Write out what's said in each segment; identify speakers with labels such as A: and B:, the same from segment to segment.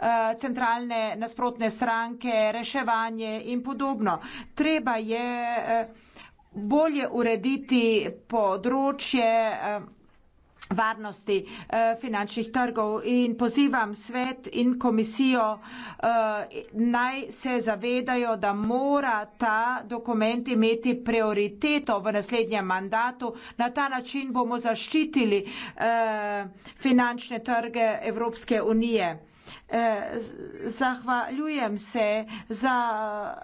A: Eh, centralne nasprotne stranke, reševanje in podobno. Treba je eh, bolje urediti področje eh, varnosti finančnih trgov in pozivam svet in komisijo naj se zavedajo, da mora ta dokument imeti prioriteto v naslednjem mandatu. Na ta način bomo zaščitili finančne trge Evropske unije. Eh, zahvaljujem se za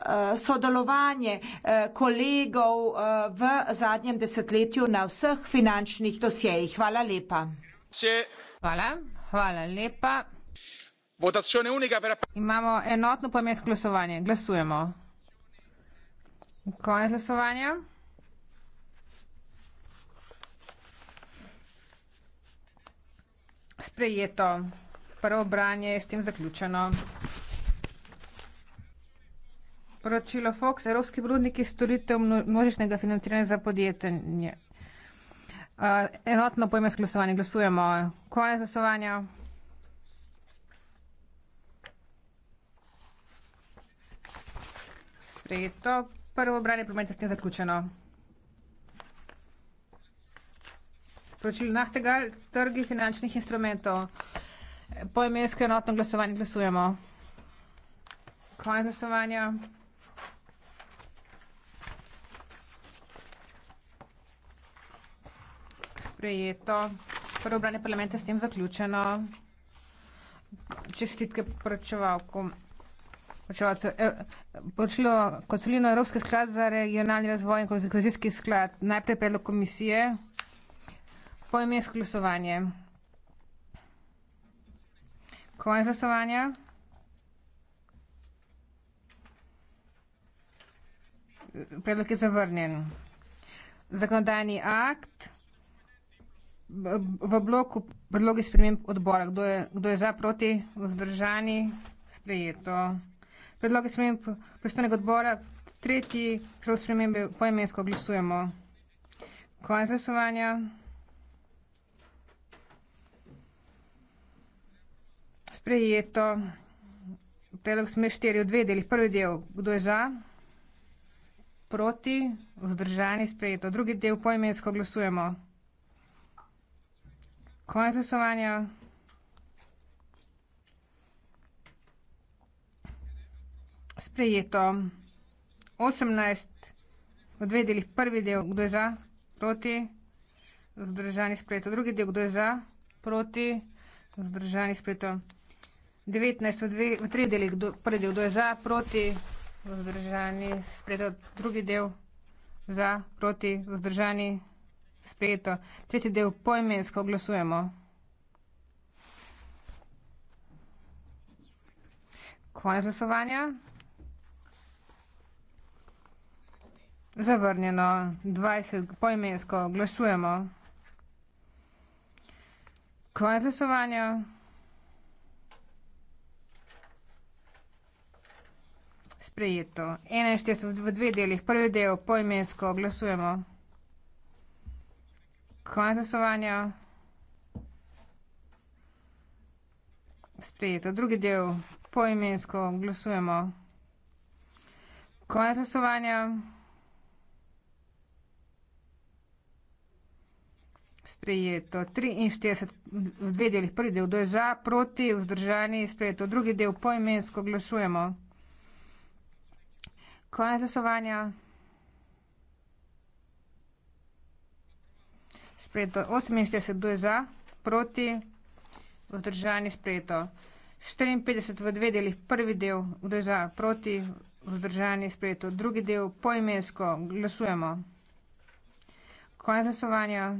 A: eh, sodelovanje eh, kolegov v zadnjem desetletju na vseh finančnih dosjejih.
B: Hvala lepa. Hvala, hvala lepa. Votazione unica per... Imamo enotno poimensko glasovanje. Glasujemo. Konec glasovanja. Sprejeto. Prvo branje je s tem zaključeno. Poročilo Fox, evropski brudniki storitev množičnega financiranja za podjetje. Enotno pojme s glasovanjem. Glasujemo. Konec glasovanja. Sprejeto. Prvo branje prometa s tem zaključeno. Poročilo Nahtegal, trgi finančnih instrumentov poimensko enotno glasovanje glasujemo. Konec glasovanja. Sprejeto. Prvo branje parlamenta s tem zaključeno. Čestitke poročevalkom. Počevalcev. Eh, Počelo konsolino Evropski sklad za regionalni razvoj in konzikacijski sklad. Najprej predlog komisije. Poimensko glasovanje. Poimensko glasovanje. Konec glasovanja. Predlog je zavrnjen. Zakonodajni akt v bloku predlogi sprememb odbora. Kdo je, kdo je za, proti, vzdržani, sprejeto. Predloge sprememb pristojnega odbora, tretji predlog spremembe poimensko glasujemo. Konec glasovanja. sprejeto. Predlog sme štiri v dve delih. Prvi del, kdo je za, proti, vzdržani, sprejeto. Drugi del, poimensko glasujemo. Konec glasovanja. Sprejeto. 18 v dve delih. Prvi del, kdo je za, proti, vzdržani, sprejeto. Drugi del, kdo je za, proti, vzdržani, sprejeto devetnajst v dve, v treh delih, kdo, prvi del, kdo je za, proti, vzdržani, sprejeto, drugi del, za, proti, vzdržani, sprejeto. Tretji del poimensko glasujemo. Konec glasovanja. Zavrnjeno. 20 poimensko glasujemo. Konec glasovanja. sprejeto. 41 v dve delih. Prvi del poimensko glasujemo. Konec glasovanja. Sprejeto. Drugi del poimensko glasujemo. Konec glasovanja. Sprejeto. 43 v dve delih. Prvi del, kdo je za, proti, vzdržani, sprejeto. Drugi del poimensko glasujemo. Konec glasovanja. Sprejeto 48, kdo je za, proti, vzdržani, sprejeto 54 v dveh delih, prvi del, kdo je za, proti, vzdržani, sprejeto drugi del, poimensko, glasujemo. Konec glasovanja.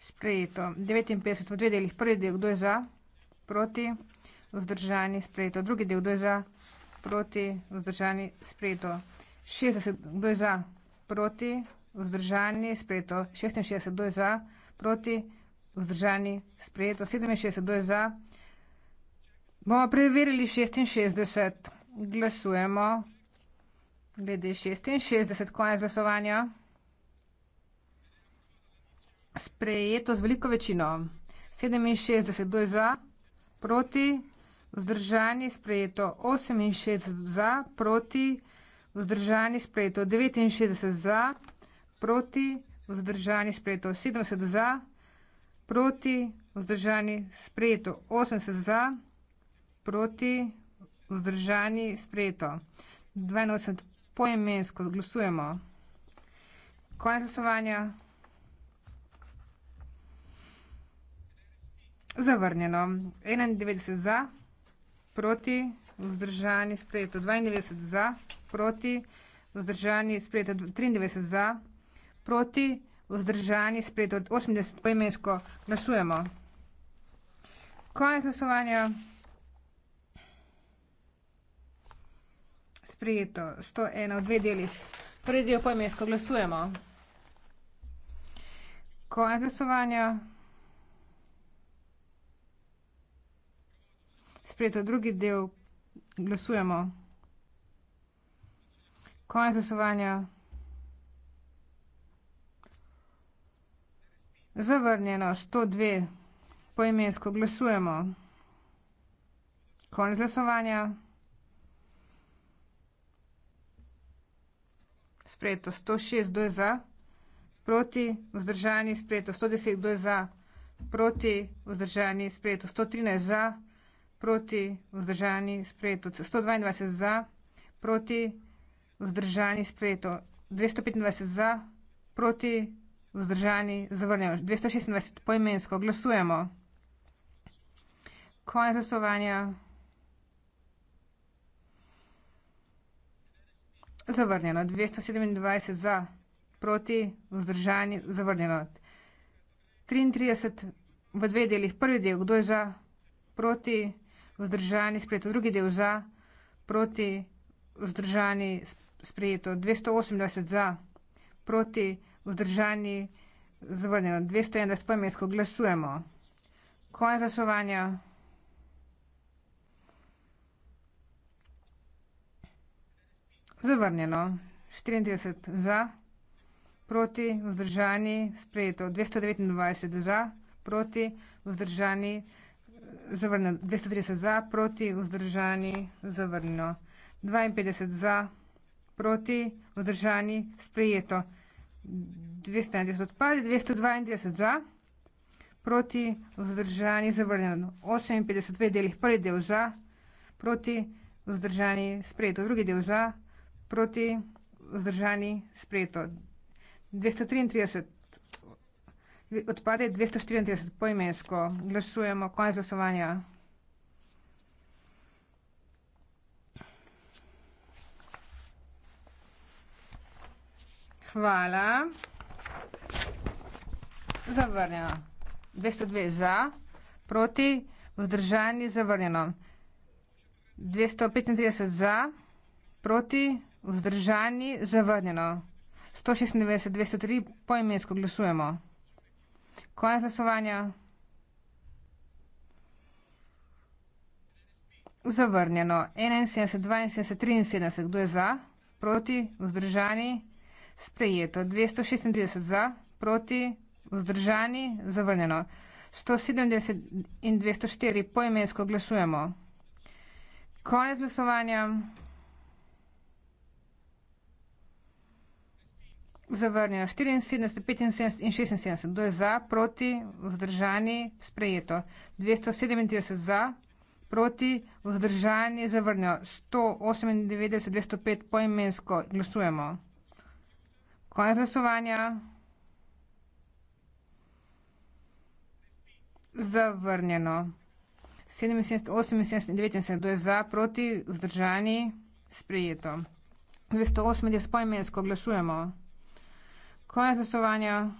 B: Sprejeto 59 v dveh delih, prvi del, kdo je za, proti, vzdržani sprejeto. Drugi del, kdo je za, proti, vzdržani sprejeto. 60, kdo je za, proti, vzdržani sprejeto. 66, kdo je za, proti, vzdržani sprejeto. 67, kdo je za. Bomo preverili 66. Glasujemo. Glede 66, konec glasovanja. Sprejeto z veliko večino. 67, kdo je za, proti, vzdržani sprejeto 68 za, proti vzdržani sprejeto 69 za, proti vzdržani sprejeto 70 za, proti vzdržani sprejeto 80 za, proti vzdržani sprejeto 82 poimensko. Glasujemo. Konec glasovanja. Zavrnjeno. 91 za proti, vzdržani, sprejeto 92 za, proti, vzdržani, sprejeto 93 za, proti, vzdržani, sprejeto 80 poimensko. Glasujemo. Konec glasovanja. Sprejeto 101 v dveh delih. Prvi del poimensko. Glasujemo. Konec glasovanja. sprejeto drugi del, glasujemo. Konec glasovanja. Zavrnjeno 102 poimensko glasujemo. Konec glasovanja. Sprejeto 106, kdo je za? Proti, vzdržani, sprejeto 110, kdo je za? Proti, vzdržani, sprejeto 113, za? proti vzdržani sprejeto. 122 za, proti vzdržani sprejeto. 225 za, proti vzdržani zavrnjeno. 226 poimensko. Glasujemo. Konec glasovanja. Zavrnjeno. 227 za, proti vzdržani zavrnjeno. 33 v dveh delih. Prvi del, kdo je za, proti vzdržani vzdržani sprejeto, drugi del za, proti vzdržani sprejeto, 228 za, proti vzdržani zavrnjeno, 211 pojmensko, glasujemo. Konec glasovanja. Zavrnjeno, 34 za, proti vzdržani sprejeto, 229 za, proti vzdržani sprejeto zavrnjeno 230 za, proti, vzdržani, zavrnjeno 52 za, proti, vzdržani, sprejeto 211 odpade, 232 za, proti, vzdržani, zavrnjeno 58 v delih prvi del za, proti, vzdržani, sprejeto drugi del za, proti, vzdržani, sprejeto 233 odpade 234 poimensko. Glasujemo, konec glasovanja. Hvala. Zavrnjeno. 202 za, proti, vzdržani, zavrnjeno. 235 za, proti, vzdržani, zavrnjeno. 196, 203, poimensko glasujemo. Konec glasovanja. Zavrnjeno. 71, 72, 73. Kdo je za? Proti? Vzdržani? Sprejeto. 236 za? Proti? Vzdržani? Zavrnjeno. 197 in 204 poimensko glasujemo. Konec glasovanja. zavrnjeno 74, 75 in 76. Kdo je za, proti, vzdržani, sprejeto. 237 za, proti, vzdržani, zavrnjeno. 198, 205 poimensko glasujemo. Konec glasovanja. Zavrnjeno. 77, 78, 79. Kdo je za, proti, vzdržani, sprejeto. 208 je spojmensko, glasujemo. Konec glasovanja.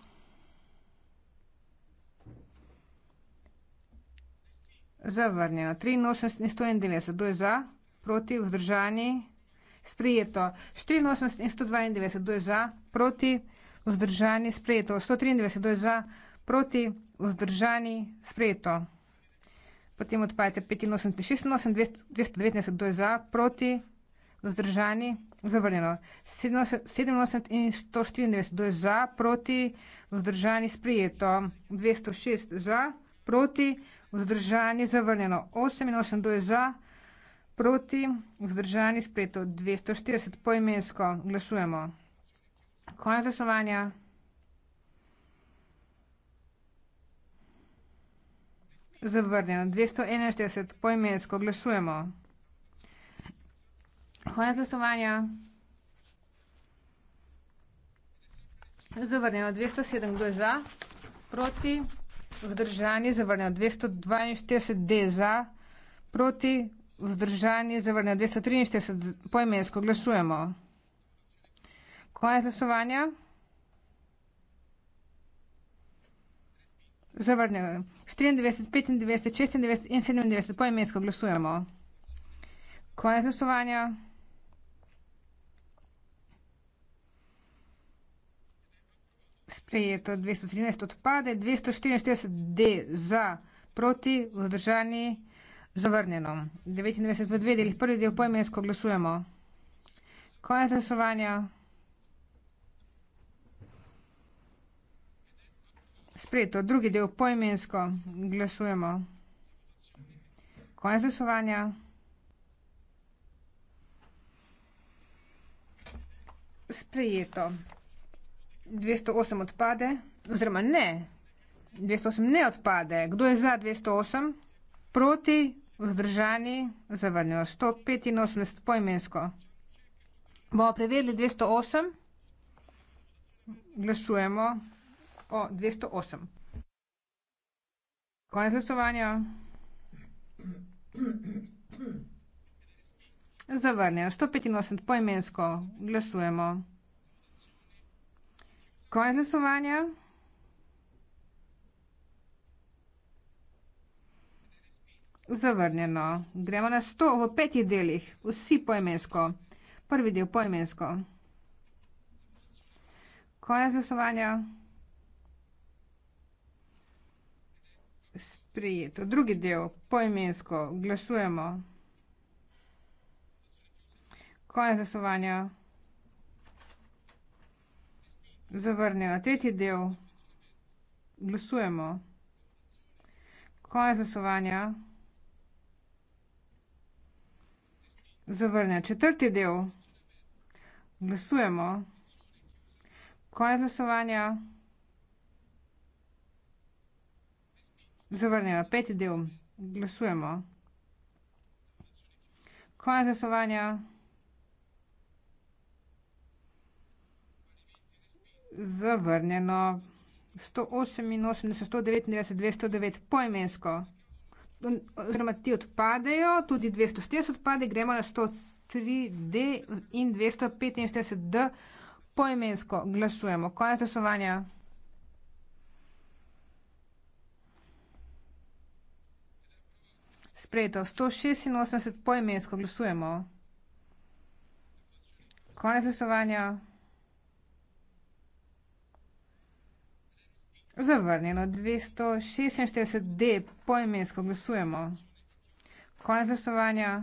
B: Zavrnjeno. 83 in 190. Kdo je za? Proti? Vzdržani? Sprijeto. 84 in 192. Kdo je za? Proti? Vzdržani? Sprijeto. 193. Kdo je za? Proti? Vzdržani? Sprijeto. Potem odpajte 85 in 86. 219. Kdo je za? Proti? Vzdržani? Sprijeto zavrnjeno. 87 in 194 za, proti, vzdržani sprijeto. 206 za, proti, vzdržani zavrnjeno. 88 za, proti, vzdržani sprijeto. 240 poimensko glasujemo. Konec glasovanja. Zavrnjeno. 241 poimensko glasujemo. Hvala za glasovanje. Zavrnjeno dvesto sedem, kdo je za? Proti. Vzdržani, zavrnjeno dvesto dvainštirideset D za, proti, vzdržani, zavrnjeno dvesto triinštirideset poimensko, glasujemo. Konec glasovanja. Zavrnjeno štiriindvajset, petindvajset, šestindvajset in sedemindvajset poimensko, glasujemo. Konec glasovanja. sprejeto 213 odpade, 244 D za proti, vzdržani zavrnjeno. 29 v dve delih prvi del poimensko glasujemo. Konec glasovanja. Sprejeto drugi del poimensko glasujemo. Konec glasovanja. Sprejeto. 208 odpade, oziroma ne, 208 ne odpade. Kdo je za 208? Proti, vzdržani, zavrnjeno. 185 poimensko. Bomo preverili 208. Glasujemo o 208. Konec glasovanja. Zavrnjeno. 185 poimensko. Glasujemo. Konec glasovanja. Zavrnjeno. Gremo na 100 v petih delih. Vsi poemensko. Prvi del poemensko. Konec glasovanja. Sprijeto. Drugi del poemensko. Glasujemo. Konec glasovanja zavrnjeno. Tretji del. Glasujemo. Konec glasovanja. Zavrnjeno. Četrti del. Glasujemo. Konec glasovanja. Zavrnjeno. Peti del. Glasujemo. Konec glasovanja. zavrnjeno. 188, 199, 209 poimensko. Oziroma ti odpadejo, tudi 240 odpade, gremo na 103D in 245D poimensko. Glasujemo. Konec glasovanja. Sprejeto. 186 poimensko. Glasujemo. Konec glasovanja. Zavrnjeno 246D, poimensko glasujemo. Konec glasovanja.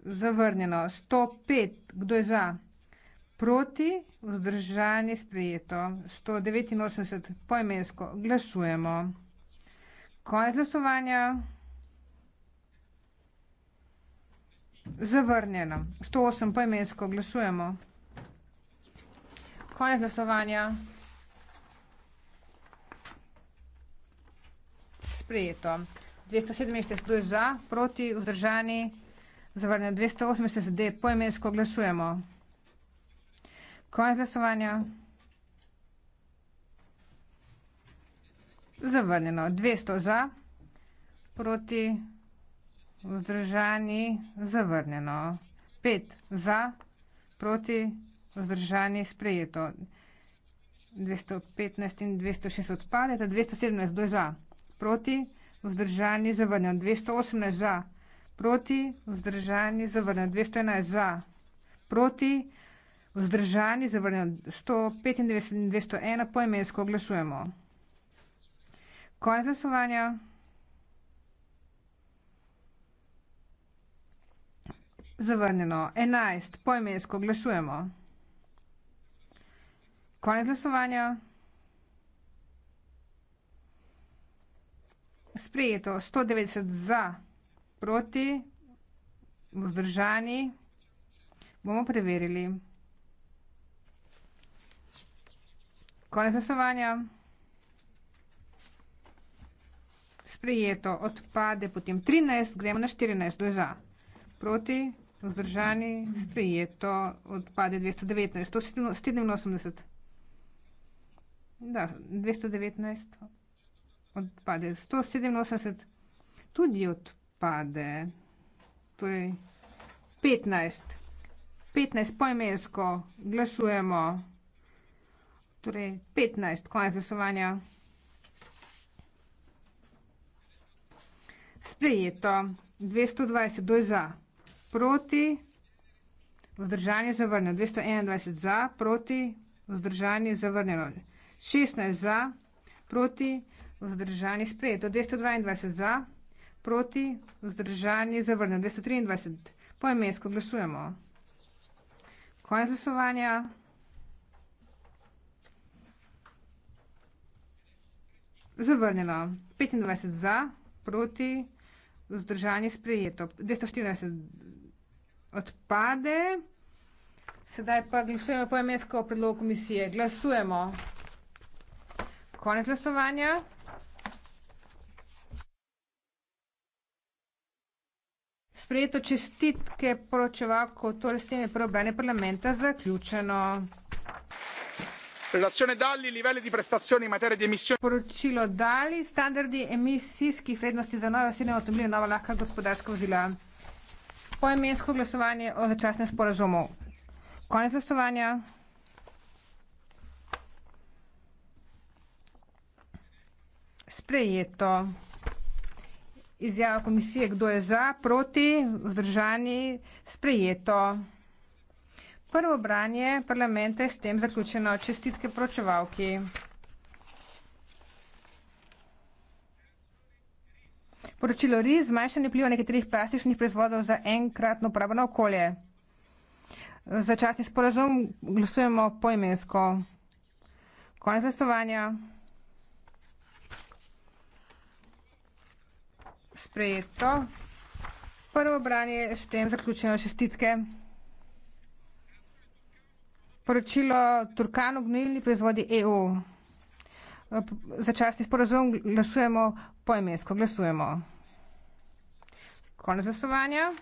B: Zavrnjeno 105, kdo je za? Proti, vzdržanje sprejeto. 189, poimensko glasujemo. Konec glasovanja. Zavrnjeno 108, poimensko glasujemo konec glasovanja. Sprejeto. 207 ste za, proti, vzdržani, zavrnjeno. 208 ste za, poimensko glasujemo. Konec glasovanja. Zavrnjeno. 200 za, proti, vzdržani, zavrnjeno. 5 za, proti, vzdržani vzdržanje sprejeto. 215 in 206 odpadeta, 217 do za, proti, vzdržanje zavrnjeno, 218 za, proti, vzdržanje zavrnjeno, 211 za, proti, vzdržanje zavrnjeno, 195 in 201 poimensko oglašujemo. Konec glasovanja. Zavrnjeno, 11 poimensko oglašujemo. Konec glasovanja. Sprejeto 190 za, proti, vzdržani. Bomo preverili. Konec glasovanja. Sprejeto odpade, potem 13, gremo na 14, doj za, proti, vzdržani. Sprejeto odpade 219, 187. Da, 219 odpade, 187 tudi odpade, torej 15, 15 poimensko glasujemo, torej 15 konec glasovanja. Sprejeto, 220 doj za, proti, vzdržanje zavrnjeno, 221 za, proti, vzdržanje zavrnjeno. 16 za, proti, vzdržani sprejeto, 222 za, proti, vzdržani zavrnjeno, 223 poemensko glasujemo. Konec glasovanja. Zavrnjeno, 25 za, proti, vzdržani sprejeto, 214 odpade. Sedaj pa glasujemo poemensko predlogu komisije. Glasujemo. Glasujemo. Konec glasovanja. Sprejeto čestitke poročevalko, torej s tem je prvo branje parlamenta zaključeno.
C: Relazione dali, livelli di prestazioni in materia di emissioni.
B: Poročilo dali, standardi emisijskih vrednosti za nove osebne avtomobile, nova lahka gospodarska vozila. Poimensko glasovanje o začasnem sporazumu. Konec glasovanja. sprejeto. Izjava komisije, kdo je za, proti, vzdržani, sprejeto. Prvo branje parlamenta je s tem zaključeno. Čestitke pročevalki. Poročilo RIS, zmanjšanje pliva nekaterih plastičnih proizvodov za enkratno uporabo na okolje. Začasni sporazum glasujemo poimensko. Konec glasovanja. sprejeto. Prvo branje s tem zaključeno šestitke. Poročilo Turkano gnojilni proizvodi EU. Začasni sporozum glasujemo poimensko. Glasujemo. Konec glasovanja.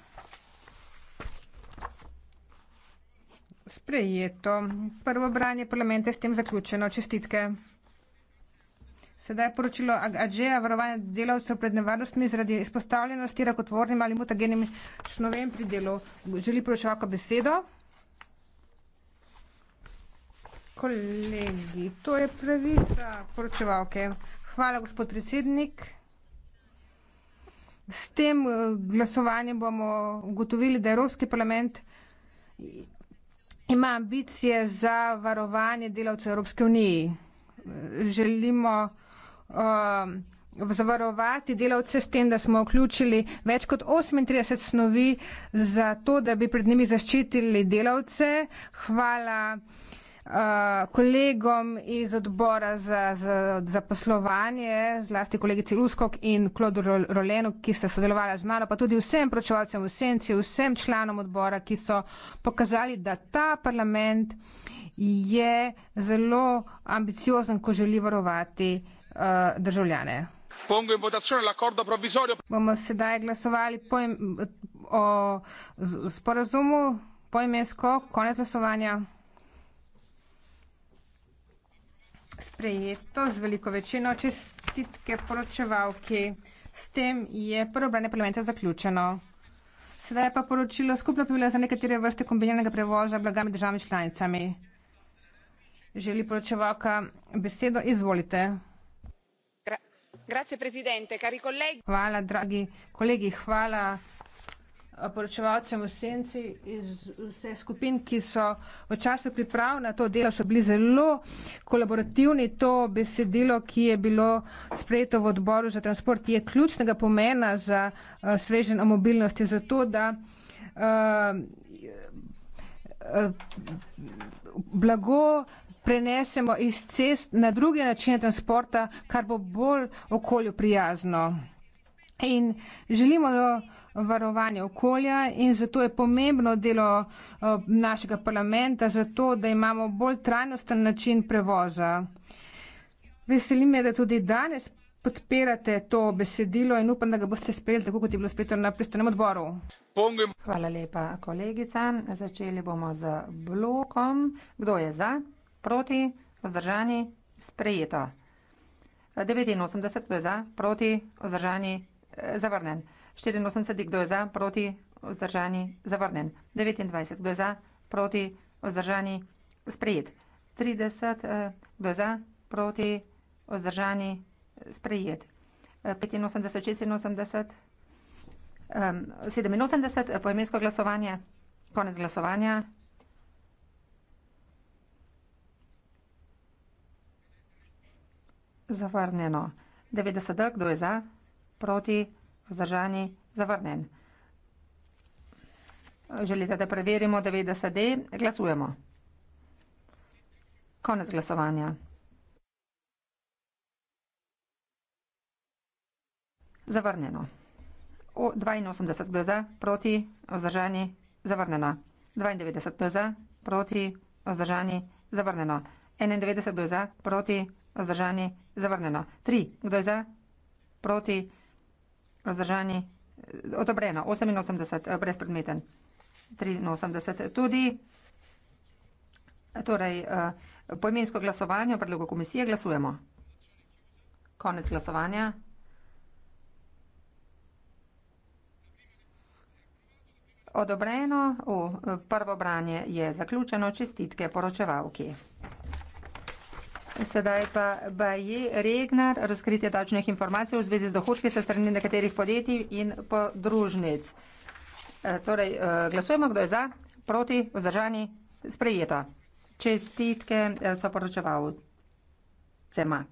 B: Sprejeto. Prvo branje parlamenta je s tem zaključeno. Čestitke. Sedaj je poročilo Adžeja, varovanje delavcev pred nevarnostmi zaradi izpostavljenosti rakotvornim ali mutagenim snovem pri delu. Želi poročevalka besedo? Kolegi, to je pravica poročevalke. Hvala, gospod predsednik. S tem eh, glasovanjem bomo ugotovili, da Evropski parlament ima ambicije za varovanje delavcev Evropske unije. Želimo um, zavarovati delavce s tem, da smo vključili več kot 38 snovi za to, da bi pred njimi zaščitili delavce. Hvala uh, kolegom iz odbora za, za, za poslovanje, zlasti kolegici Luskok in Klodu Rolenu, ki sta sodelovala z mano, pa tudi vsem pročevalcem v senci, vsem članom odbora, ki so pokazali, da ta parlament je zelo ambiciozen, ko želi varovati uh, Eh, državljane. Bomo sedaj glasovali pojm, o sporazumu poimensko, konec glasovanja. Sprejeto z veliko večino čestitke poročevalki. S tem je prvo branje parlamenta zaključeno. Sedaj je pa poročilo skupno pravila za nekatere vrste kombiniranega prevoža blagami državami članicami. Želi poročevalka besedo? Izvolite hvala dragi kolegi hvala eh, poročevalcem v senci iz vseh skupin ki so v času priprav na to delo so bili zelo kolaborativni to besedilo ki je bilo sprejeto v odboru za transport je ključnega pomena za uh, sveženj o mobilnosti zato da uh, blago prenesemo iz cest na druge načine transporta, kar bo bolj okolju prijazno. In želimo varovanje okolja in zato je pomembno delo eh, našega parlamenta za to, da imamo bolj trajnosten način prevoza. Veselim me, da tudi danes podpirate to besedilo in upam, da ga boste sprejeli tako, kot je bilo sprejeto na pristojnem
D: odboru. Hvala lepa, kolegica. Začeli bomo z blokom. Kdo je za? proti, vzdržani, sprejeto. 89, kdo je za, proti, vzdržani, eh, zavrnen. 84, kdo je za, proti, vzdržani, zavrnen. 29, kdo je za, proti, vzdržani, sprejet. 30, eh, kdo je za, proti, vzdržani, sprejet. 85, 86, 87, poemensko glasovanje, konec glasovanja. zavrnjeno. 90 kdo je za, proti, vzdržani, zavrnjen. Želite, da preverimo 90D? Glasujemo. Konec glasovanja. Zavrnjeno. 82 kdo je za, proti, vzdržani, zavrnjeno. 92 kdo je za, proti, vzdržani, zavrnjeno. 91 kdo je za, proti, Vzdržani? Zavrnjeno. Tri. Kdo je za? Proti? Vzdržani? Odobreno. 88. Eh, brezpredmeten. 83. Tudi torej, eh, pojmensko glasovanje o predlogu komisije glasujemo. Konec glasovanja. Odobreno, o, eh, prvo branje je zaključeno, čestitke poročevalki. Sedaj pa Baji Regnar, razkritje davčnih informacij v zvezi z dohodki se strani nekaterih podjetij in podružnic. E, torej, e, glasujemo, kdo je za, proti, vzdržani, sprejeto. Čestitke e, so poročeval CEMA.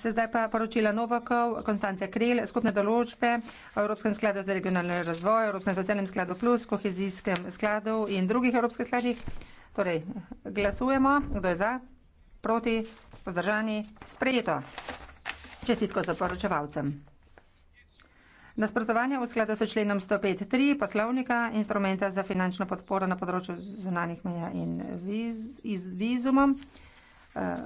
D: Se zdaj pa poročila Novakov, Konstance Krel, skupne določbe Evropskem skladu za regionalni razvoj, Evropskem socialnem skladu plus, kohezijskem skladu in drugih evropskih skladih. Torej, glasujemo, kdo je za, proti, vzdržani, sprejeto. Čestitko za poročevalcem. Nasprotovanje v skladu s členom 105.3 poslovnika instrumenta za finančno podporo na področju zunanih meja in viz, vizumom. Eh,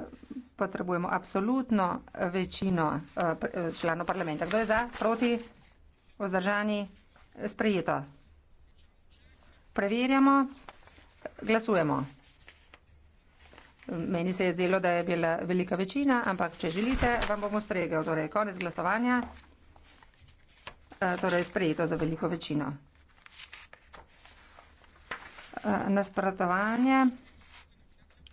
D: potrebujemo absolutno večino eh, članov parlamenta. Kdo je za, proti, vzdržani, sprejeto. Preverjamo, glasujemo. Meni se je zdelo, da je bila velika večina, ampak če želite, vam bom ustregel. Torej, konec glasovanja. E, torej, sprejeto za veliko večino. E, nasprotovanje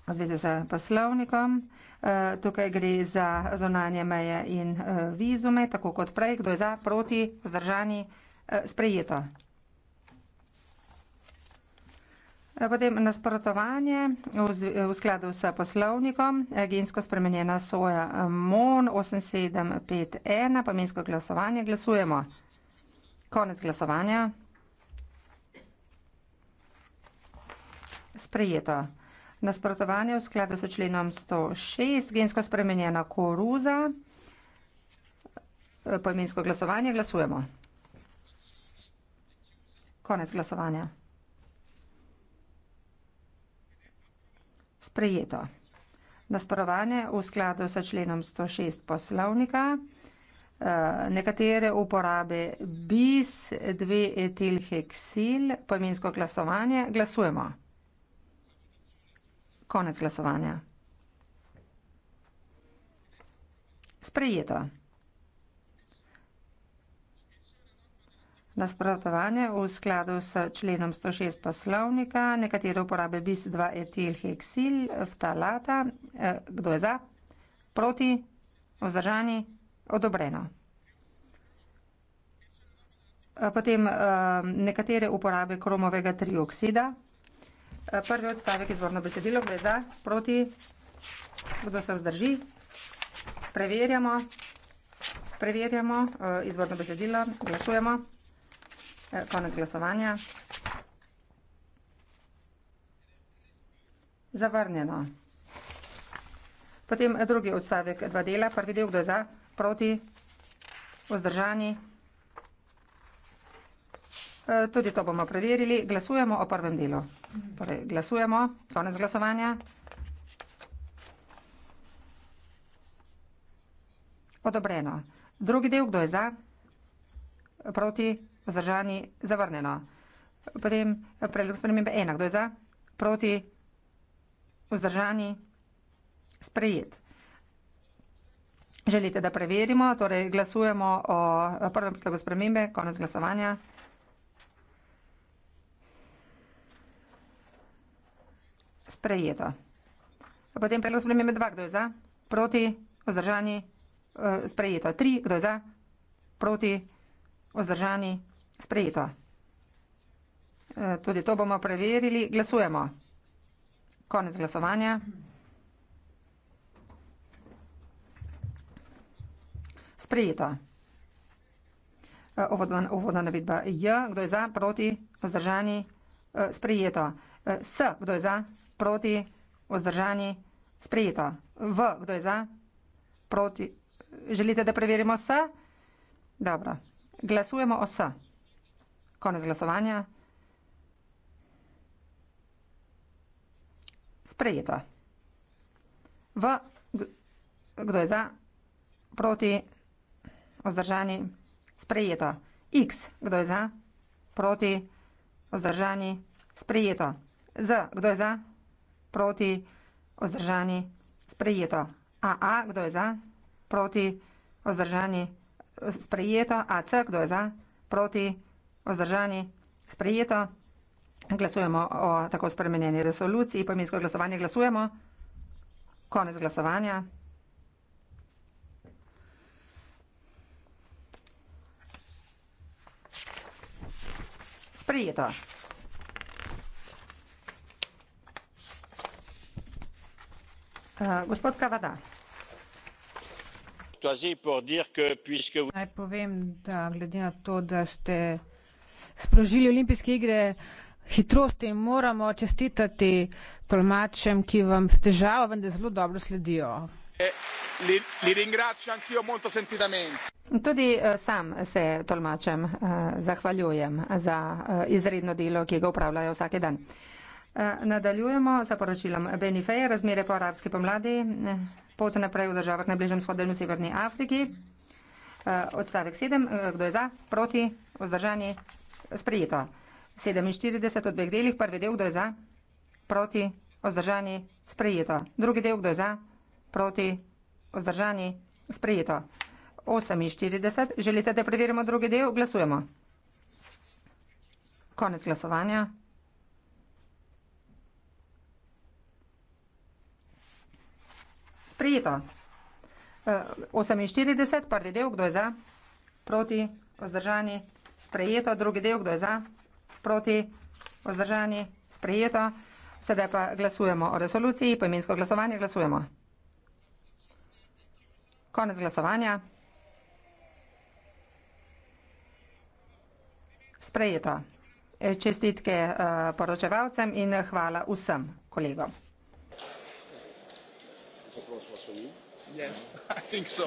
D: v zvezi z poslovnikom. E, tukaj gre za zonanje meje in vizume, tako kot prej. Kdo je za, proti, vzdržani, sprejeto. Eh, potem nasprotovanje eh, v skladu s poslovnikom, eh, gensko spremenjena soja MON 8751, pomensko glasovanje, glasujemo. Konec glasovanja. Sprejeto. Nasprotovanje v skladu s členom 106, gensko spremenjena koruza, pomensko glasovanje, glasujemo. Konec glasovanja. sprejeto. Nasprovanje v skladu sa členom 106 poslovnika, eh, nekatere uporabe bis 2 etil heksil, pojmensko glasovanje, glasujemo. Konec glasovanja. Sprejeto. nasprotovanje v skladu s členom 106 poslovnika, nekatere uporabe bis 2 etil heksil, ftalata. Eh, kdo je za? Proti? Vzdržani? Odobreno. Eh, potem eh, nekatere uporabe kromovega trioksida. Prvi odstavek izvorno besedilo, kdo je za? Proti? Kdo se vzdrži? Preverjamo. Preverjamo izvorno besedilo. Glašujemo. Preverjamo. Eh, konec glasovanja. Zavrnjeno. Potem eh, drugi odstavek eh, dva dela. Prvi del, kdo je za, proti, vzdržani. Tudi to bomo preverili. Glasujemo o prvem delu. Torej, glasujemo. Konec glasovanja. Odobreno. Drugi del, kdo je za, proti, vzdržani. Vzdržani zavrnjeno. Potem predlog spremembe ena. Kdo je za? Proti? Vzdržani? Sprejet. Želite, da preverimo? Torej glasujemo o prvem predlogu spremembe. Konec glasovanja. Sprejeto. Potem predlog spremembe dva. Kdo je za? Proti? Vzdržani? Eh, sprejeto. Tri. Kdo je za? Proti? Vzdržani? Sprejeto sprejeto. E, tudi to bomo preverili. Glasujemo. Konec glasovanja. Sprejeto. E, uvodna navedba J. Kdo je za? Proti? Vzdržani? E, sprejeto. S. Kdo je za? Proti? Vzdržani? Sprejeto. V. Kdo je za? Proti? Želite, da preverimo S? Dobro. Glasujemo o S. Glasujemo o S. Konec glasovanja. Sprejeto. V, kdo je za, proti, vzdržani, sprejeto. X, kdo je za, proti, vzdržani, sprejeto. Z, kdo je za, proti, vzdržani, sprejeto. AA, kdo je za, proti, vzdržani, sprejeto. AC, kdo je za, proti, vzdržani, sprejeto. Vzdržani? Sprejeto? Glasujemo o tako spremenjeni resoluciji. Pojmensko glasovanje glasujemo. Konec glasovanja. Sprejeto. Uh, gospod Kavada.
C: Naj
B: povem, da glede na to, da ste sprožili olimpijske igre hitrosti in moramo čestitati
D: tolmačem, ki vam s težavo vendar zelo dobro sledijo. Eh, tudi eh, sam se tolmačem eh, zahvaljujem za izredno delo, ki ga upravljajo vsake dan. Nadaljujemo sa poročilom Benifeja, razmere po arabski pomladi, pot naprej v državah na bližnjem shodu in v Severni Afriki. Odstavek 7. Kdo je za? Proti? Vzdržani? sprejeto. 47 v dveh delih, prvi del, kdo je za, proti, ozdržani, sprejeto. Drugi del, kdo je za, proti, ozdržani, sprejeto. 48, želite, da preverimo drugi del, glasujemo. Konec glasovanja. Sprejeto. 48, prvi del, kdo je za, proti, ozdržani, sprejeto sprejeto, drugi del, kdo je za, proti, vzdržani, sprejeto. Sedaj pa glasujemo o resoluciji, poimensko glasovanje glasujemo. Konec glasovanja. Sprejeto. Eh, čestitke eh, poročevalcem in hvala vsem kolegom.
C: Zaprosimo se mi? Yes, I think so.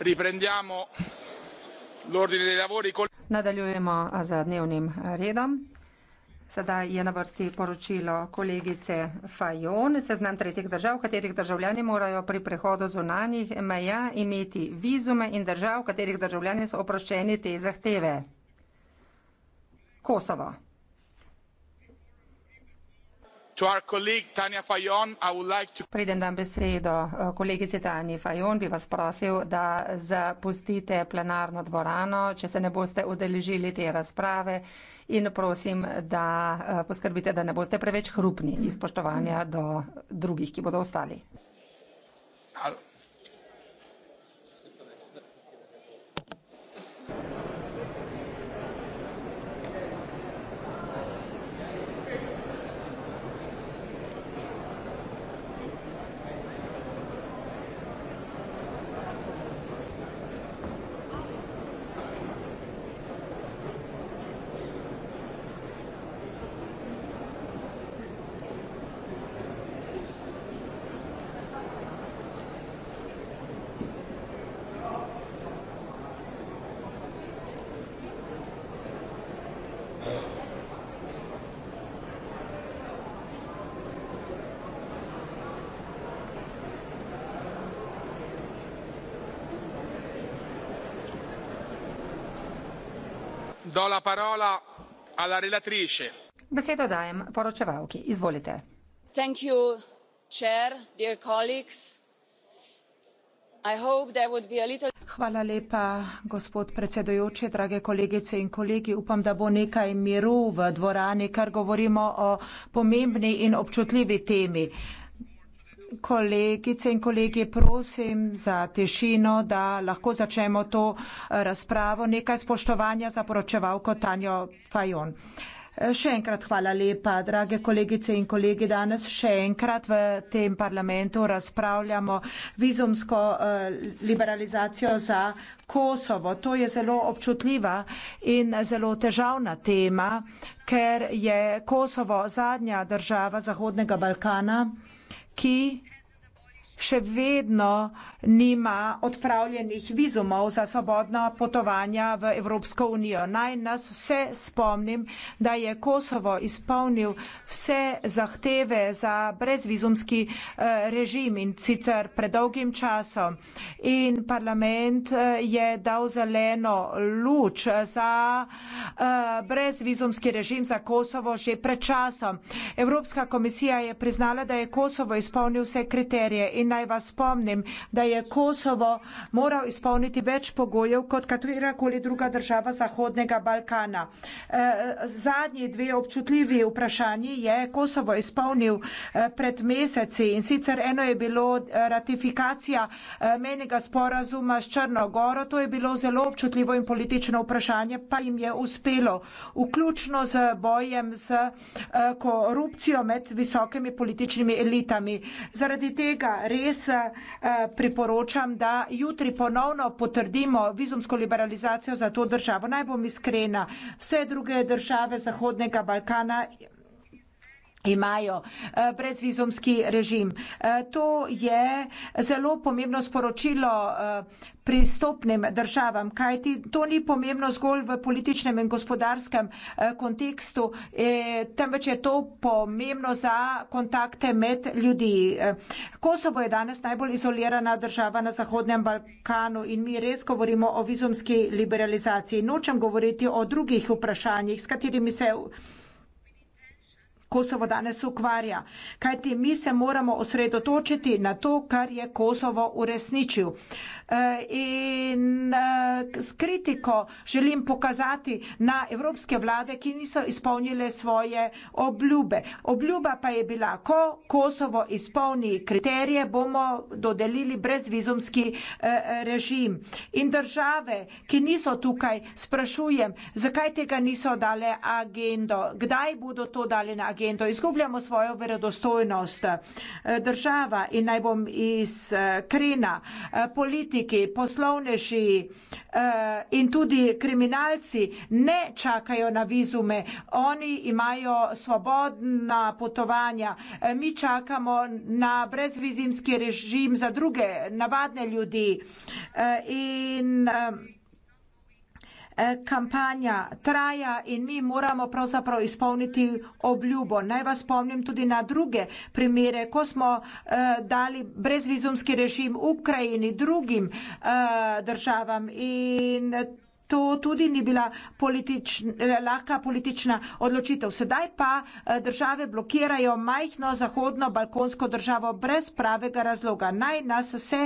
C: riprendiamo l'ordine dei lavori con
D: Nadaljujemo z dnevnim redom. Sedaj je na vrsti poročilo kolegice Fajon, seznam tretjih držav, katerih državljani morajo pri prehodu zunanjih meja imeti vizume in držav, katerih državljani so oproščeni te zahteve. Kosovo preden dam besedo eh, kolegici tanji fajon bi vas prosil da zapustite plenarno dvorano če se ne boste udeležili te razprave in prosim da eh, poskrbite da ne boste preveč hrupni iz spoštovanja do drugih ki bodo ostali.
C: do la parola alla relatrice.
D: Besedo dajem poročevalki, izvolite.
A: Thank you, chair, dear colleagues.
D: I hope there would be a little.
A: Hvala lepa, gospod predsedujoči, drage kolegice in kolegi. Upam, da bo nekaj miru v dvorani, ker govorimo o pomembni in občutljivi temi. Uh, kolegice in kolegi, prosim za tišino, da lahko začnemo to eh, razpravo. Nekaj spoštovanja za poročevalko Tanjo Fajon. Eh, še enkrat hvala lepa, drage kolegice in kolegi. Danes še enkrat v tem parlamentu razpravljamo vizumsko eh, liberalizacijo za Kosovo. To je zelo občutljiva in zelo težavna tema, ker je Kosovo zadnja država Zahodnega Balkana, ki še vedno nima odpravljenih vizumov za svobodna potovanja v Evropsko unijo. Naj nas vse spomnim, da je Kosovo izpolnil vse zahteve za brezvizumski eh, režim in sicer pred dolgim časom. In parlament eh, je dal zeleno luč za eh, brezvizumski režim za Kosovo že pred časom. Evropska komisija je priznala, da je Kosovo izpolnil vse kriterije in naj vas spomnim, da je je Kosovo moral izpolniti več pogojev kot katerakoli druga država Zahodnega Balkana. E, zadnji dve občutljivi vprašanji je Kosovo izpolnil e, pred meseci in sicer eno je bilo e, ratifikacija menjega sporazuma s Črnogoro, to je bilo zelo občutljivo in politično vprašanje, pa jim je uspelo, vključno z bojem z korupcijo med visokimi političnimi elitami. Zaradi tega res pripravljamo priporočam, da jutri ponovno potrdimo vizumsko liberalizacijo za to državo. Naj bom iskrena, vse druge države Zahodnega Balkana imajo eh, brezvizumski režim. Eh, to je zelo pomembno sporočilo eh, pristopnim državam, kajti to ni pomembno zgolj v političnem in gospodarskem kontekstu, temveč je to pomembno za kontakte med ljudi. Kosovo je danes najbolj izolirana država na Zahodnem Balkanu in mi res govorimo o vizumski liberalizaciji. Nočem govoriti o drugih vprašanjih, s katerimi se Kosovo danes ukvarja. Kajti mi se moramo osredotočiti na to, kar je Kosovo uresničil in eh, s kritiko želim pokazati na evropske vlade, ki niso izpolnile svoje obljube. Obljuba pa je bila, ko Kosovo izpolni kriterije, bomo dodelili brezvizumski eh, režim. In države, ki niso tukaj, sprašujem, zakaj tega niso dale agendo, kdaj bodo to dali na agendo. Izgubljamo svojo verodostojnost. Eh, država in naj bom iz Krina, politik, politiki, poslovneži eh, in tudi kriminalci ne čakajo na vizume. Oni imajo svobodna potovanja. Eh, mi čakamo na brezvizimski režim za druge, navadne ljudi. Eh, in, Eh, kampanja traja in mi moramo pravzaprav izpolniti obljubo. Naj vas spomnim tudi na druge primere, ko smo eh, dali brezvizumski režim Ukrajini, drugim eh, državam in to tudi ni bila politič, lahka politična odločitev. Sedaj pa eh, države blokirajo majhno zahodno balkonsko državo brez pravega razloga. Naj nas vse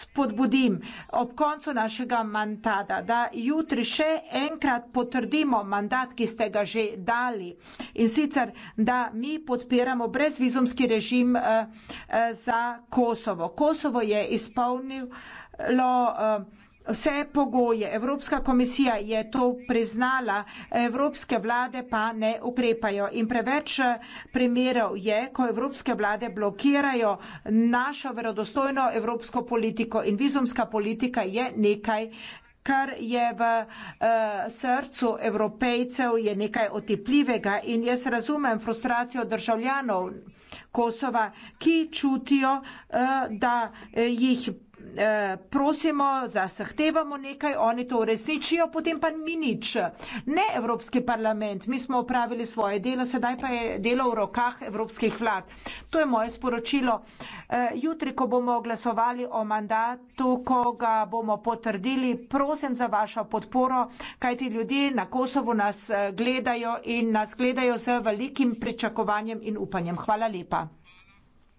A: spodbudim ob koncu našega mandata, da jutri še enkrat potrdimo mandat, ki ste ga že dali. In sicer, da mi podpiramo brezvizumski režim eh, eh, za Kosovo. Kosovo je izpolnil lo uh vse pogoje. Evropska komisija je to priznala, evropske vlade pa ne ukrepajo. In preveč eh, primerov je, ko evropske vlade blokirajo našo verodostojno evropsko politiko in vizumska politika je nekaj kar je v uh, srcu evropejcev, je nekaj otepljivega in jaz razumem frustracijo državljanov Kosova, ki čutijo, uh, da jih Eh, prosimo, zahtevamo nekaj, oni to uresničijo, potem pa mi nič. Ne Evropski parlament, mi smo upravili svoje delo, sedaj pa je delo v rokah evropskih vlad. To je moje sporočilo. Eh, jutri, ko bomo glasovali o mandatu, ko ga bomo potrdili, prosim za vašo podporo, kajti ljudje na Kosovu nas eh, gledajo in nas gledajo z velikim pričakovanjem in upanjem. Hvala lepa.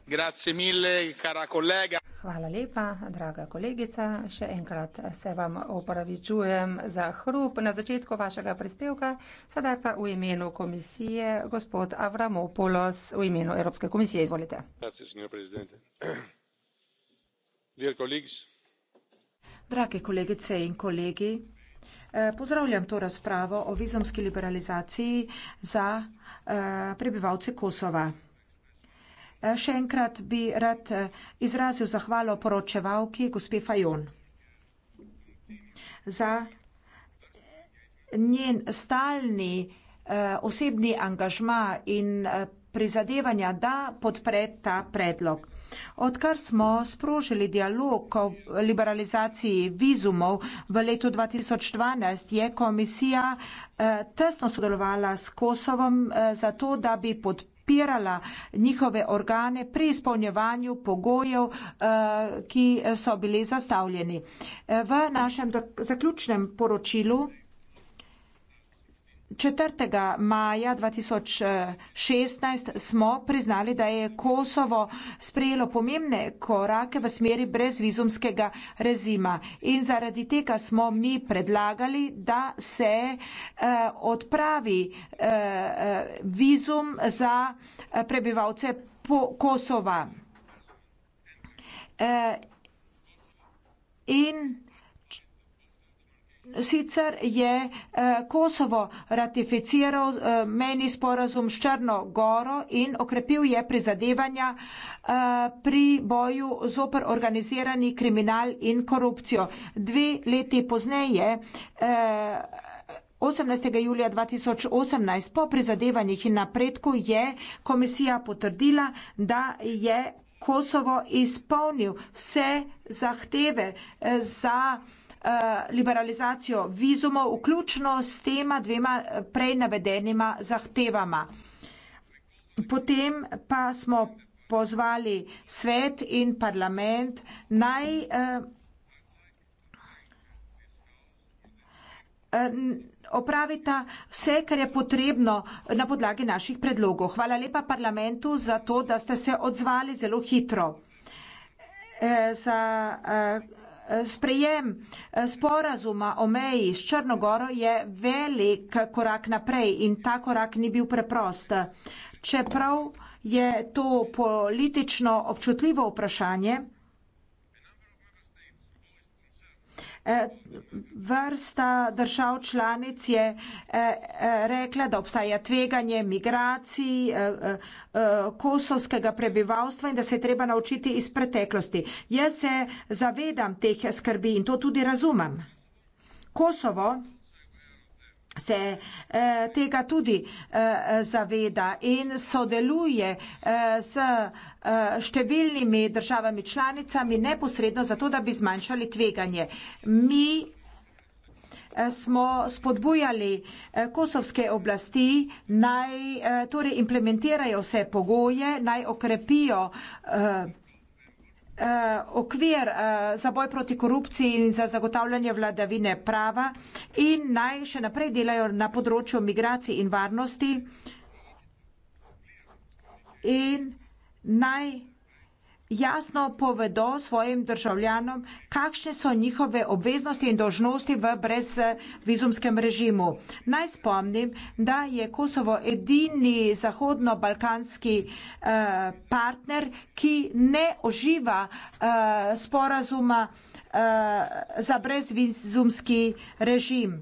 C: Grazie mille, cara collega.
D: Hvala lepa, draga kolegica. Še enkrat se vam opravičujem za hrup na začetku vašega prispevka. Sedaj pa v imenu komisije gospod Avramopoulos, v imenu Evropske komisije. Izvolite.
A: Drage kolegice in kolegi, eh, pozdravljam to razpravo o vizumski liberalizaciji za eh, prebivalce Kosova. Eh, še enkrat bi rad eh, izrazil zahvalo poročevalki, gospe Fajon, za njen stalni eh, osebni angažma in prizadevanja, da podpre ta predlog. Odkar smo sprožili dialog o liberalizaciji vizumov v letu 2012, je komisija tesno sodelovala s Kosovom za to, da bi podprla podpirala njihove organe pri izpolnjevanju pogojev, eh, ki so bili zastavljeni. Eh, v našem zaključnem poročilu 4. maja 2016 smo priznali, da je Kosovo sprejelo pomembne korake v smeri brezvizumskega rezima in zaradi tega smo mi predlagali, da se eh, odpravi eh, eh, vizum za prebivalce Kosova. In Sicer je eh, Kosovo ratificiral eh, meni sporazum s Črno Goro in okrepil je prizadevanja eh, pri boju zoper organizirani kriminal in korupcijo. Dve leti pozneje. 18. julija 2018 po prizadevanjih in napredku je komisija potrdila, da je Kosovo izpolnil vse zahteve za Eh, liberalizacijo vizumov, vključno s tema dvema eh, prej navedenima zahtevama. Potem pa smo pozvali svet in parlament naj eh, opravita vse, kar je potrebno na podlagi naših predlogov. Hvala lepa parlamentu za to, da ste se odzvali zelo hitro. Za Sprejem eh, sporazuma o meji s Črnogoro je velik korak naprej in ta korak ni bil preprost. Čeprav je to politično občutljivo vprašanje, Eh, vrsta držav članic je eh, eh, rekla, da obstaja tveganje migracij kosovskega prebivalstva in da se je treba naučiti iz preteklosti. Jaz se zavedam teh skrbi in to tudi razumem. Kosovo se eh, tega tudi eh, zaveda in sodeluje eh, s eh, številnimi državami članicami neposredno zato, da bi zmanjšali tveganje. Mi eh, smo spodbujali eh, kosovske oblasti, naj eh, torej implementirajo vse pogoje, naj okrepijo eh, Eh, okvir eh, za boj proti korupciji in za zagotavljanje vladavine prava in naj še naprej delajo na področju migracij in varnosti in naj jasno povedo svojim državljanom, kakšne so njihove obveznosti in dožnosti v brezvizumskem režimu. Naj spomnim, da je Kosovo edini zahodno-balkanski eh, partner, ki ne oživa eh, sporazuma eh, za brezvizumski režim.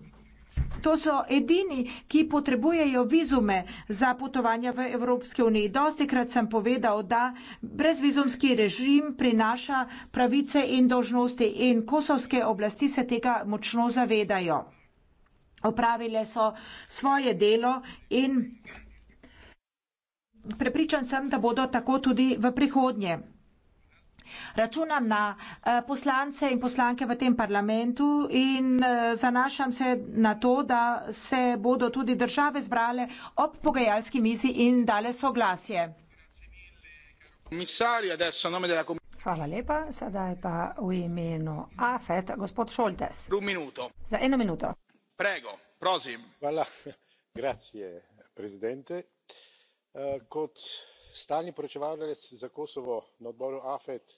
A: To so edini, ki potrebujejo vizume za potovanja v Evropski uniji. Dosti krat sem povedal, da brezvizumski režim prinaša pravice in dožnosti in kosovske oblasti se tega močno zavedajo. Opravile so svoje delo in prepričan sem, da bodo tako tudi v prihodnje računam na eh, poslance in poslanke v tem parlamentu in eh, zanašam se na to, da se bodo tudi države zbrale ob pogajalski mizi in dale soglasje.
D: Hvala lepa, sedaj pa v imenu AFET, gospod Šoltes. Za eno minuto.
C: Prego, prosim. Hvala, grazie, prezidente. Eh, kot stalni poročevalec za Kosovo na odboru AFET,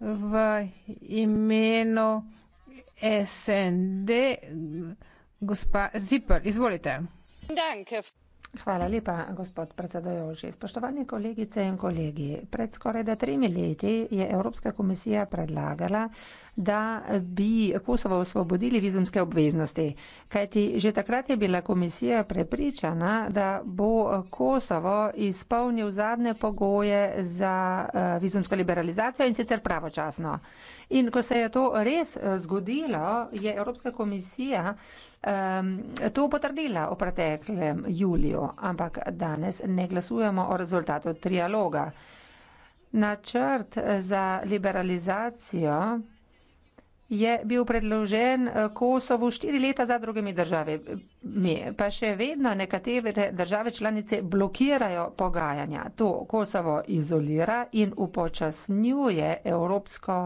B: v imenu
D: SND gospa Zipel. Izvolite. Hvala lepa, gospod predsedojoči. Spoštovani kolegice in kolegi, pred skoraj da tremi leti je Evropska komisija predlagala, da bi Kosovo osvobodili vizumske obveznosti. Kajti že takrat je bila komisija prepričana, da bo Kosovo izpolnil zadnje pogoje za eh, vizumsko liberalizacijo in sicer pravočasno. In ko se je to res eh, zgodilo, je Evropska komisija um, to potrdila v preteklem juliju, ampak danes ne glasujemo o rezultatu trialoga. Načrt za liberalizacijo je bil predložen eh, Kosovu štiri leta za drugimi državami, pa še vedno nekatere države članice blokirajo pogajanja. To Kosovo izolira in upočasnjuje evropsko.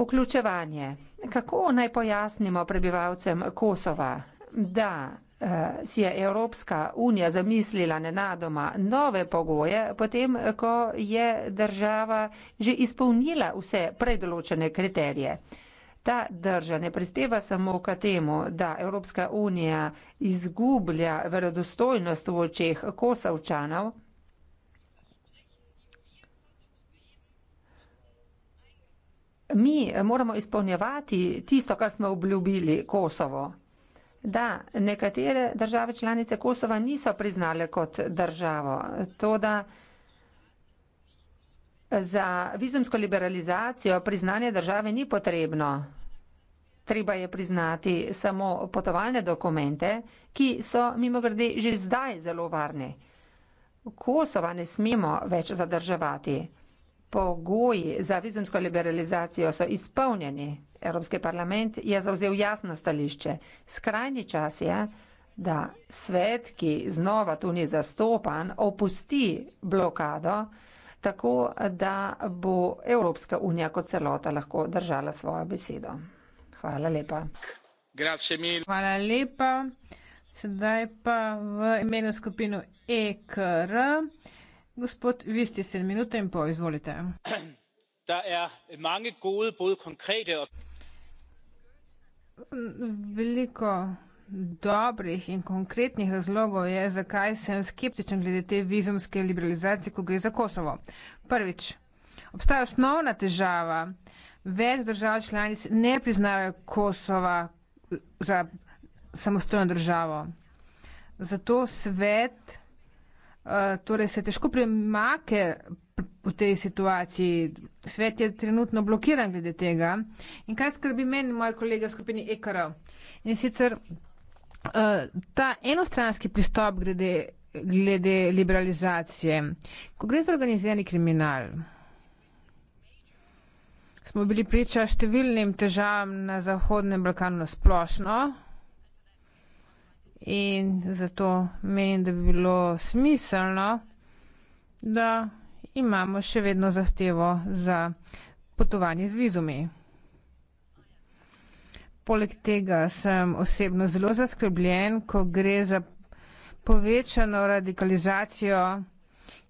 D: Vključevanje. Kako naj pojasnimo prebivalcem Kosova, da eh, si je Evropska unija zamislila nenadoma nove pogoje, potem ko je država že izpolnila vse predoločene kriterije. Ta drža ne prispeva samo k temu, da Evropska unija izgublja verodostojnost v očeh Kosovčanov, mi moramo izpolnjevati tisto, kar smo obljubili Kosovo. Da, nekatere države članice Kosova niso priznale kot državo. Toda za vizumsko liberalizacijo priznanje države ni potrebno. Treba je priznati samo potovalne dokumente, ki so mimo grede že zdaj zelo varne. Kosova ne smemo več zadrževati pogoji za vizumsko liberalizacijo so izpolnjeni. Evropski parlament je zauzel jasno stališče. Skrajni čas je, da svet, ki znova tu ni zastopan, opusti blokado, tako da bo Evropska unija kot celota lahko držala svojo besedo. Hvala lepa. Hvala lepa. Sedaj pa v
B: imenu skupino EKR. der er mange gode, både konkrete og veliko dobrih in konkretnih razlogov je, zakaj sem skeptičen glede te vizumske liberalizacije, ko gre za Kosovo. Prvič, obstaja osnovna težava, več držav članic ne priznavajo Kosova za samostojno državo. Zato svet Eh, torej se težko premake v tej situaciji. Svet je trenutno blokiran glede tega. In kaj skrbi meni, moj kolega skupini Ekarov? In sicer eh, ta enostranski pristop glede, glede liberalizacije. Ko gre za organizirani kriminal, smo bili priča številnim težavam na Zahodnem Balkanu na splošno. In zato menim, da bi bilo smiselno, da imamo še vedno zahtevo za potovanje z vizumi. Poleg tega sem osebno zelo zaskrbljen, ko gre za povečano radikalizacijo,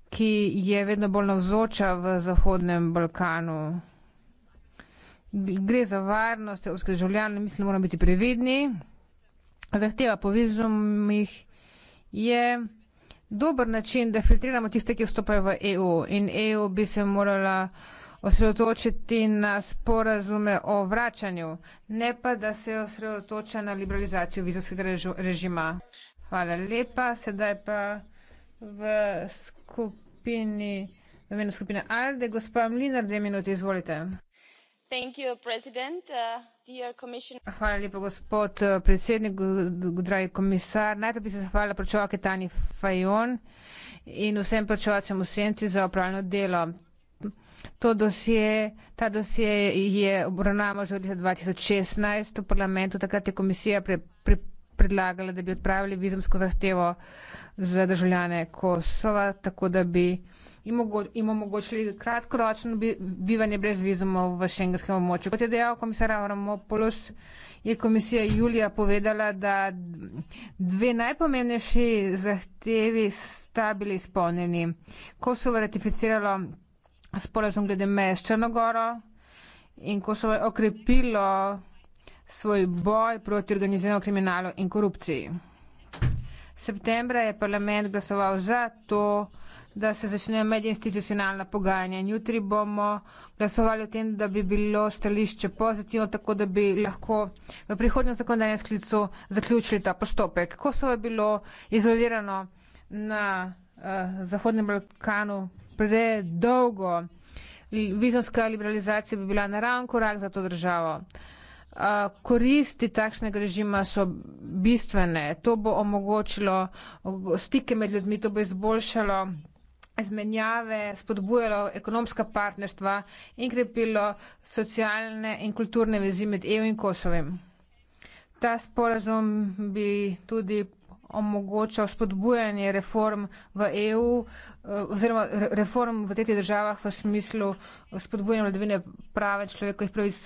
B: ki je vedno bolj navzoča v Zahodnem Balkanu. Gre za varnost evropskih državljanov in mislim, da moramo biti previdni zahteva po vizumih, je dober način, da filtriramo tiste, ki vstopajo v EU. In EU bi se morala osredotočiti na sporazume o vračanju, ne pa da se osredotoča na liberalizacijo vizumskega režima. Hvala lepa. Sedaj pa v skupini, v imenu skupine ALDE, gospod Mlinar, dve minuti, izvolite. Uh, hvala lepa gospod eh, predsednik dragi komisar najprej bi se zahvalila poročevalki tanji fajon in vsem poročevalcem v senci za opravljeno delo to dosje ta dosje je obravnavamo že od leta dva tisoč šestnajst v parlamentu takrat je komisija predlagala, da bi odpravili vizumsko zahtevo za državljane Kosova, tako da bi jim omogočili kratkoročno bivanje brez vizumov v šengenskem območju. Kot je dejal komisar Avramopoulos, je komisija Julija povedala, da dve najpomembnejši zahtevi sta bili izpolnjeni. Kosovo je ratificiralo sporazum glede meje s Črnogoro in Kosovo je okrepilo svoj boj proti organiziranemu kriminalu in korupciji. Septembra je parlament glasoval za to, da se začnejo medinstitucionalna pogajanja. Jutri bomo glasovali o tem, da bi bilo stališče pozitivno, tako da bi lahko v prihodnjem zakonodajnem sklicu zaključili ta postopek. Kosovo je bilo izolirano na uh, Zahodnem Balkanu predolgo. Vizumska liberalizacija bi bila naravn korak za to državo. Uh, koristi takšnega režima so bistvene. To bo omogočilo stike med ljudmi, to bo izboljšalo izmenjave, spodbujalo ekonomska partnerstva in krepilo socialne in kulturne vezi med EU in Kosovem. Ta sporazum bi tudi omogočal spodbujanje reform v EU e, oziroma reform v tretjih državah v smislu spodbujanja vladavine prave človekovih pravic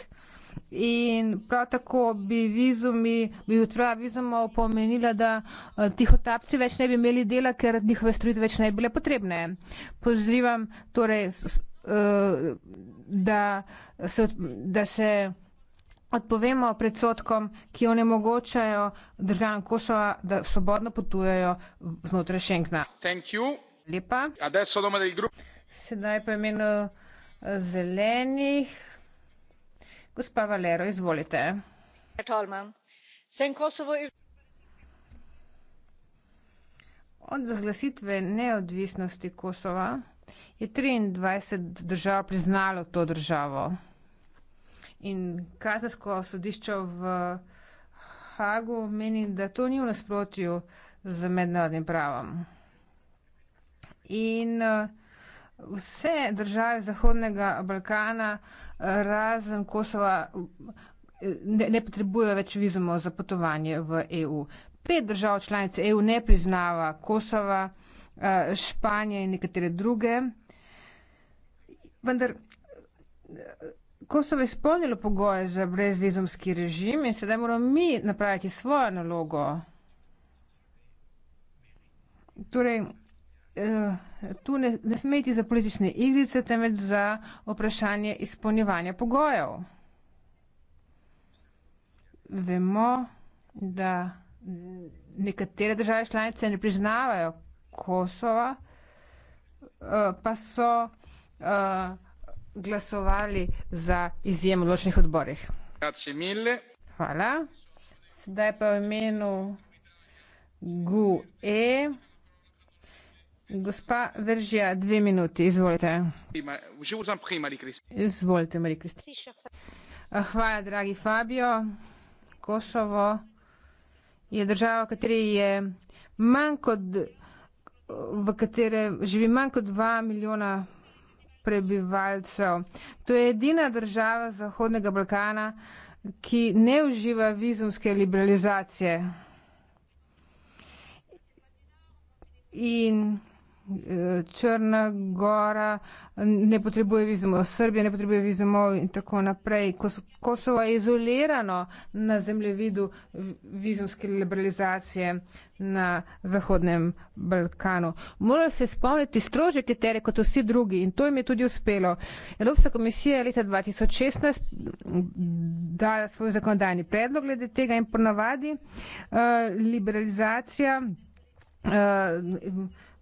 B: in prav tako bi vizumi, bi utroja vizuma pomenila, da eh, tihotapci več ne bi imeli dela, ker njihove strojitve več ne bi bile potrebne. Pozivam torej, eh, da se, da se odpovemo predsotkom, ki onemogočajo državljanom Kosova, da svobodno potujejo znotraj Šengna.
C: Lepa. Sedaj pa imenu
B: eh, zelenih herr talman! sem kosovo. od razglasitve neodvisnosti kosova je triindvajset držav priznalo to državo in kazensko sodišče v haagu meni da to ni v nasprotju z mednarodnim pravom in eh, vse države Zahodnega Balkana, razen Kosova, ne, ne potrebujejo več vizumov za potovanje v EU. Pet držav članic EU ne priznava Kosova, eh, Španija in nekatere druge. Vendar eh, Kosovo je izpolnilo pogoje za brezvizumski režim in sedaj moramo mi napraviti svojo nalogo. Torej, Eh, tu ne, ne sme iti za politične igrice, temveč za vprašanje izpolnjevanja pogojev. Vemo, da nekatere države članice ne priznavajo Kosova,
C: eh,
B: pa so uh, glasovali za izjem v odločnih odborih. Hvala. Sedaj pa v imenu GUE. Gospa Veržija, dve minuti, izvolite. Izvolite, Marija Kristina. Hvala, dragi Fabio. Kosovo je država, v kateri je manj kot, v kateri živi manj kot dva milijona prebivalcev. To je edina država Zahodnega Balkana, ki ne uživa vizumske liberalizacije. In Črna gora ne potrebuje vizumov, Srbija ne potrebuje vizumov in tako naprej. Kosovo je izolirano na zemljevidu vizumske liberalizacije na Zahodnem Balkanu. Morajo se spomniti strože kriterije kot vsi drugi in to jim je tudi uspelo. Evropska komisija je leta 2016 dala svoj zakonodajni predlog glede tega in ponavadi uh, liberalizacija uh,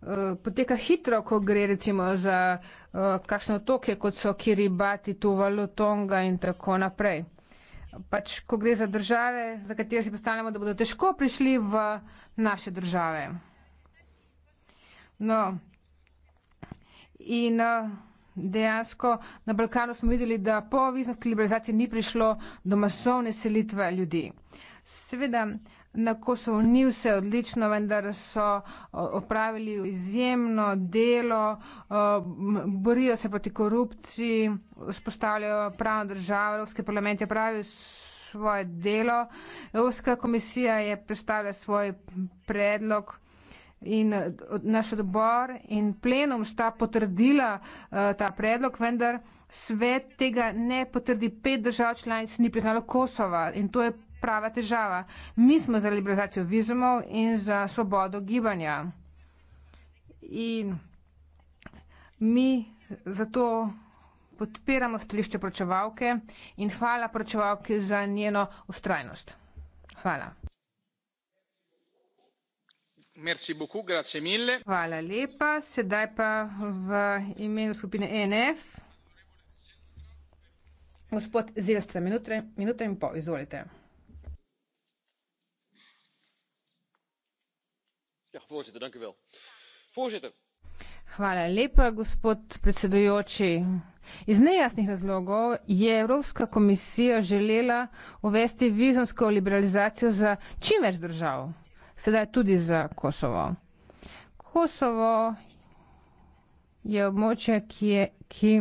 B: Eh, poteka hitro, ko gre recimo za uh, kakšne otoke, kot so Kiribati, Tuvalu, Tonga in tako naprej. Pač, ko gre za države, za katere si postavljamo, da bodo težko prišli v naše države. No. In eh, dejansko na Balkanu smo videli, da po viznosti liberalizacije ni prišlo do masovne selitve ljudi. Seveda, uh, Na Kosovo ni vse odlično, vendar so opravili izjemno delo, borijo se proti korupciji, spostavljajo pravno državo, Evropski parlament je pravil svoje delo, Evropska komisija je predstavila svoj predlog in naš odbor in plenum sta potrdila ta predlog, vendar svet tega ne potrdi. Pet držav članic ni priznalo Kosova in to je prava težava. Mi smo za liberalizacijo vizumov in za svobodo gibanja. In mi zato podpiramo stališče pročevalke in hvala pročevalke za njeno ustrajnost. Hvala.
C: Merci beaucoup, grazie mille.
B: Hvala lepa. Sedaj pa v imenu skupine ENF. Gospod Zelstra, minuto in pol, izvolite. Ja, Hvala lepa, gospod predsedujoči. Iz nejasnih razlogov je Evropska komisija želela uvesti vizumsko liberalizacijo za čim več držav, sedaj tudi za Kosovo. Kosovo je območje, ki je, ki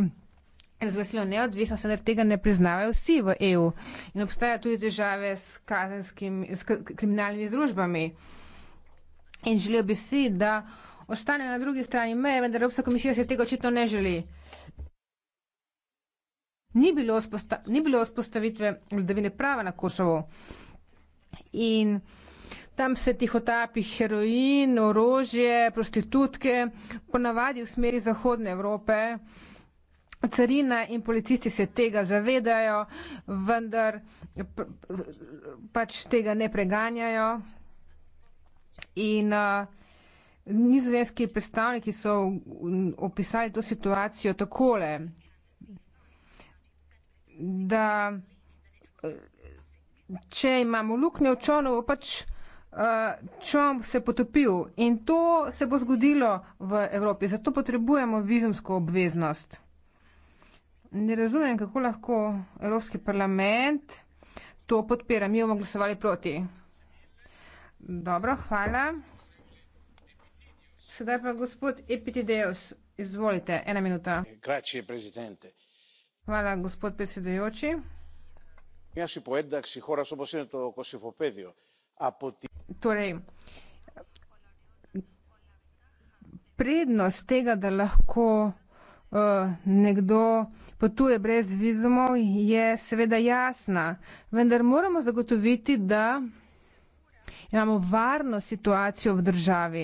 B: razglasilo neodvisnost, vendar tega ne priznavajo vsi v EU in obstajajo tudi težave s kazenskim, s kriminalnimi združbami in želijo bi si, da ostanejo na drugi strani meje, vendar Evropska komisija se tega očitno ne želi. Ni bilo, ni bilo vzpostavitve vladavine prava na Kosovo in tam se tih otapi heroin, orožje, prostitutke, ponavadi v smeri Zahodne Evrope. Carina in policisti se tega zavedajo, vendar pač tega ne preganjajo. In uh, nizozemski predstavniki so opisali to situacijo takole, da če imamo luknjo v čonu, pač uh, čon se potopil. In to se bo zgodilo v Evropi, zato potrebujemo vizumsko obveznost. Ne razumem, kako lahko Evropski parlament to podpira. Mi bomo glasovali proti. Dobro, hvala. Sedaj pa gospod Epitideus, izvolite, ena minuta.
C: Grazie, presidente.
B: Hvala, gospod predsedujoči.
C: Ja, si poedak, si hora, so posebno to kosifopedijo. Ti... Torej,
B: prednost tega, da lahko uh, nekdo potuje brez vizumov, je seveda jasna. Vendar moramo zagotoviti, da imamo varno situacijo v državi.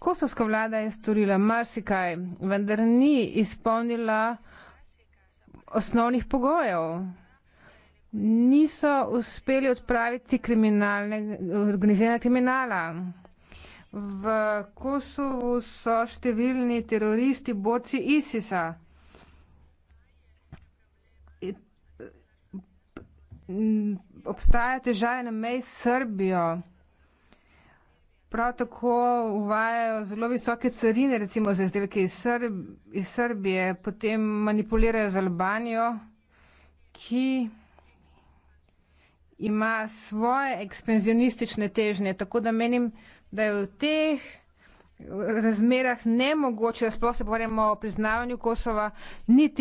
B: Kosovska vlada je storila marsikaj, vendar ni izpolnila osnovnih pogojev. Niso uspeli odpraviti organiziranega kriminala. V Kosovu so številni teroristi borci ISIS-a. In, obstaja težave na mej s Srbijo. Prav tako uvajajo zelo visoke carine, recimo za izdelke iz, Srb iz Srbije, potem manipulirajo z Albanijo, ki ima svoje ekspenzionistične težnje. Tako da menim, da je v teh razmerah nemogoče, da sploh se pogovarjamo o priznavanju Kosova, niti.